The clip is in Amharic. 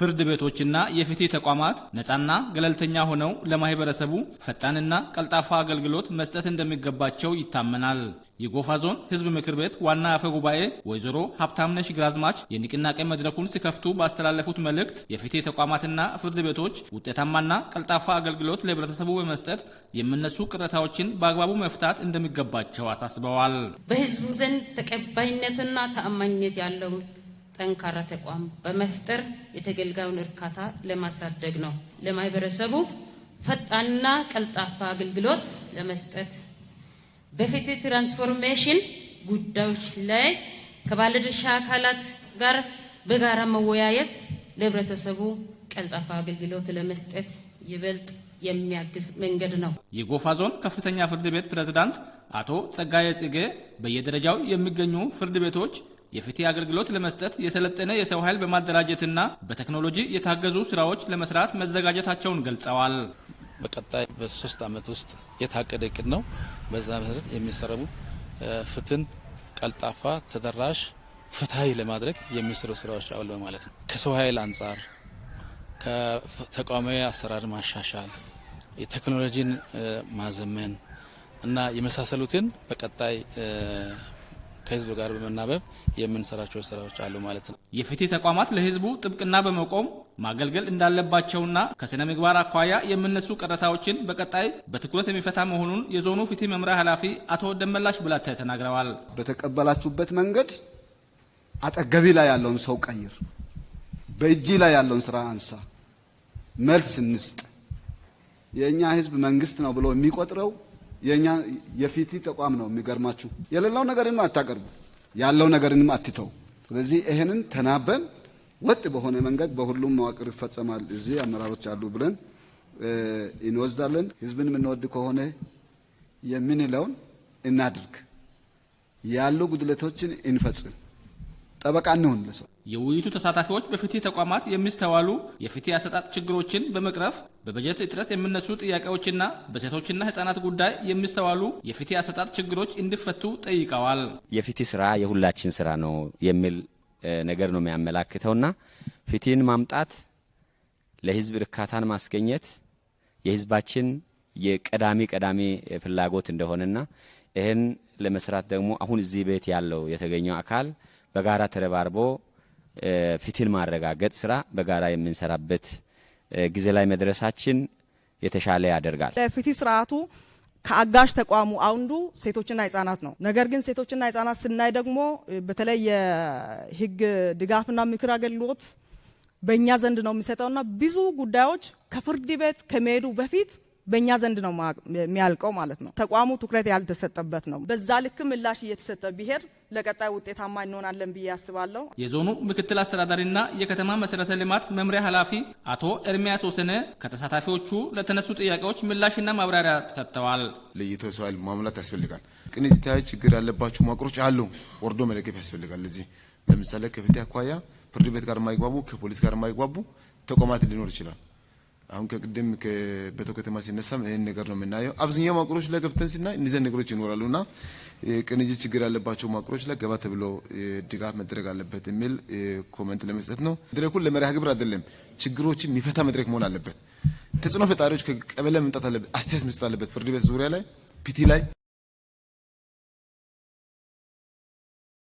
ፍርድ ቤቶችና የፍትህ ተቋማት ነፃና ገለልተኛ ሆነው ለማህበረሰቡ ፈጣንና ቀልጣፋ አገልግሎት መስጠት እንደሚገባቸው ይታመናል። የጎፋ ዞን ህዝብ ምክር ቤት ዋና አፈ ጉባኤ ወይዘሮ ሀብታምነሽ ግራዝማች የንቅናቄ መድረኩን ሲከፍቱ ባስተላለፉት መልእክት የፍትህ ተቋማትና ፍርድ ቤቶች ውጤታማና ቀልጣፋ አገልግሎት ለህብረተሰቡ በመስጠት የሚነሱ ቅሬታዎችን በአግባቡ መፍታት እንደሚገባቸው አሳስበዋል። በህዝቡ ዘንድ ተቀባይነትና ተአማኝነት ያለው ጠንካራ ተቋም በመፍጠር የተገልጋዩን እርካታ ለማሳደግ ነው። ለማህበረሰቡ ፈጣንና ቀልጣፋ አገልግሎት ለመስጠት በፍትህ ትራንስፎርሜሽን ጉዳዮች ላይ ከባለድርሻ አካላት ጋር በጋራ መወያየት ለህብረተሰቡ ቀልጣፋ አገልግሎት ለመስጠት ይበልጥ የሚያግዝ መንገድ ነው። የጎፋ ዞን ከፍተኛ ፍርድ ቤት ፕሬዝዳንት አቶ ጸጋዬ ጽጌ በየደረጃው የሚገኙ ፍርድ ቤቶች የፍትህ አገልግሎት ለመስጠት የሰለጠነ የሰው ኃይል በማደራጀትና በቴክኖሎጂ የታገዙ ስራዎች ለመስራት መዘጋጀታቸውን ገልጸዋል። በቀጣይ በሶስት አመት ውስጥ የታቀደ እቅድ ነው። በዛ መሰረት የሚሰረሙ ፍትህን ቀልጣፋ፣ ተደራሽ፣ ፍትሀዊ ለማድረግ የሚሰሩ ስራዎች አሉ ማለት ነው። ከሰው ኃይል አንጻር ከተቋማዊ አሰራር ማሻሻል፣ የቴክኖሎጂን ማዘመን እና የመሳሰሉትን በቀጣይ ከህዝብ ጋር በመናበብ የምንሰራቸው ስራዎች አሉ ማለት ነው። የፍትህ ተቋማት ለህዝቡ ጥብቅና በመቆም ማገልገል እንዳለባቸውና ከስነ ምግባር አኳያ የምነሱ ቅሬታዎችን በቀጣይ በትኩረት የሚፈታ መሆኑን የዞኑ ፍትህ መምሪያ ኃላፊ አቶ ደመላሽ ብላተ ተናግረዋል። በተቀበላችሁበት መንገድ አጠገቢ ላይ ያለውን ሰው ቀይር፣ በእጅ ላይ ያለውን ስራ አንሳ፣ መልስ እንስጥ። የእኛ ህዝብ መንግስት ነው ብሎ የሚቆጥረው የእኛ የፊቲ ተቋም ነው። የሚገርማችሁ የሌላው ነገርንም አታቀርቡ፣ ያለው ነገርንም አትተው። ስለዚህ ይህንን ተናበን ወጥ በሆነ መንገድ በሁሉም መዋቅር ይፈጸማል። እዚህ አመራሮች አሉ ብለን እንወስዳለን። ህዝብን የምንወድ ከሆነ የምንለውን እናድርግ፣ ያሉ ጉድለቶችን እንፈጽም። ጠበቃ እንሆን ለሰው። የውይይቱ ተሳታፊዎች በፍትህ ተቋማት የሚስተዋሉ የፍትህ አሰጣጥ ችግሮችን በመቅረፍ በበጀት እጥረት የሚነሱ ጥያቄዎችና በሴቶችና ህጻናት ጉዳይ የሚስተዋሉ የፍትህ አሰጣጥ ችግሮች እንዲፈቱ ጠይቀዋል። የፍትህ ስራ የሁላችን ስራ ነው የሚል ነገር ነው የሚያመላክተውና ፍትህን ማምጣት ለህዝብ እርካታን ማስገኘት የህዝባችን የቀዳሚ ቀዳሚ ፍላጎት እንደሆነና ይህን ለመስራት ደግሞ አሁን እዚህ ቤት ያለው የተገኘው አካል በጋራ ተረባርቦ ፍትህን ማረጋገጥ ስራ በጋራ የምንሰራበት ጊዜ ላይ መድረሳችን የተሻለ ያደርጋል። ለፍትህ ስርዓቱ ከአጋዥ ተቋሙ አንዱ ሴቶችና ህጻናት ነው። ነገር ግን ሴቶችና ህጻናት ስናይ ደግሞ በተለይ የህግ ድጋፍና ምክር አገልግሎት በእኛ ዘንድ ነው የሚሰጠውና ብዙ ጉዳዮች ከፍርድ ቤት ከመሄዱ በፊት በእኛ ዘንድ ነው የሚያልቀው ማለት ነው። ተቋሙ ትኩረት ያልተሰጠበት ነው። በዛ ልክ ምላሽ እየተሰጠ ቢሄድ ለቀጣይ ውጤታማ እንሆናለን ብዬ አስባለሁ። የዞኑ ምክትል አስተዳዳሪና የከተማ መሰረተ ልማት መምሪያ ኃላፊ አቶ ኤርሚያስ ወሰነ ከተሳታፊዎቹ ለተነሱ ጥያቄዎች ምላሽና ማብራሪያ ተሰጥተዋል። ለይቶ ሰዋል ማምላት ያስፈልጋል። ቅንጅታዊ ችግር ያለባቸው መዋቅሮች አሉ። ወርዶ መለገፍ ያስፈልጋል። እዚህ ለምሳሌ ከፍትህ አኳያ ፍርድ ቤት ጋር የማይግባቡ ከፖሊስ ጋር የማይግባቡ ተቋማት ሊኖር ይችላል። አሁን ከቅድም ከቤተ ከተማ ሲነሳም ይህን ነገር ነው የምናየው። አብዛኛው ማቁሮች ላይ ገብተን ሲናይ እነዚያን ነገሮች ይኖራሉ እና ቅንጅት ችግር ያለባቸው ማቁሮች ላይ ገባ ተብሎ ድጋፍ መድረግ አለበት የሚል ኮመንት ለመስጠት ነው። መድረኩን ለመሪያ ግብር አይደለም፣ ችግሮችን የሚፈታ መድረክ መሆን አለበት። ተጽዕኖ ፈጣሪዎች ከቀበሌ መምጣት አለበት፣ አስተያየት መስጠት አለበት። ፍርድ ቤት ዙሪያ ላይ ፒቲ ላይ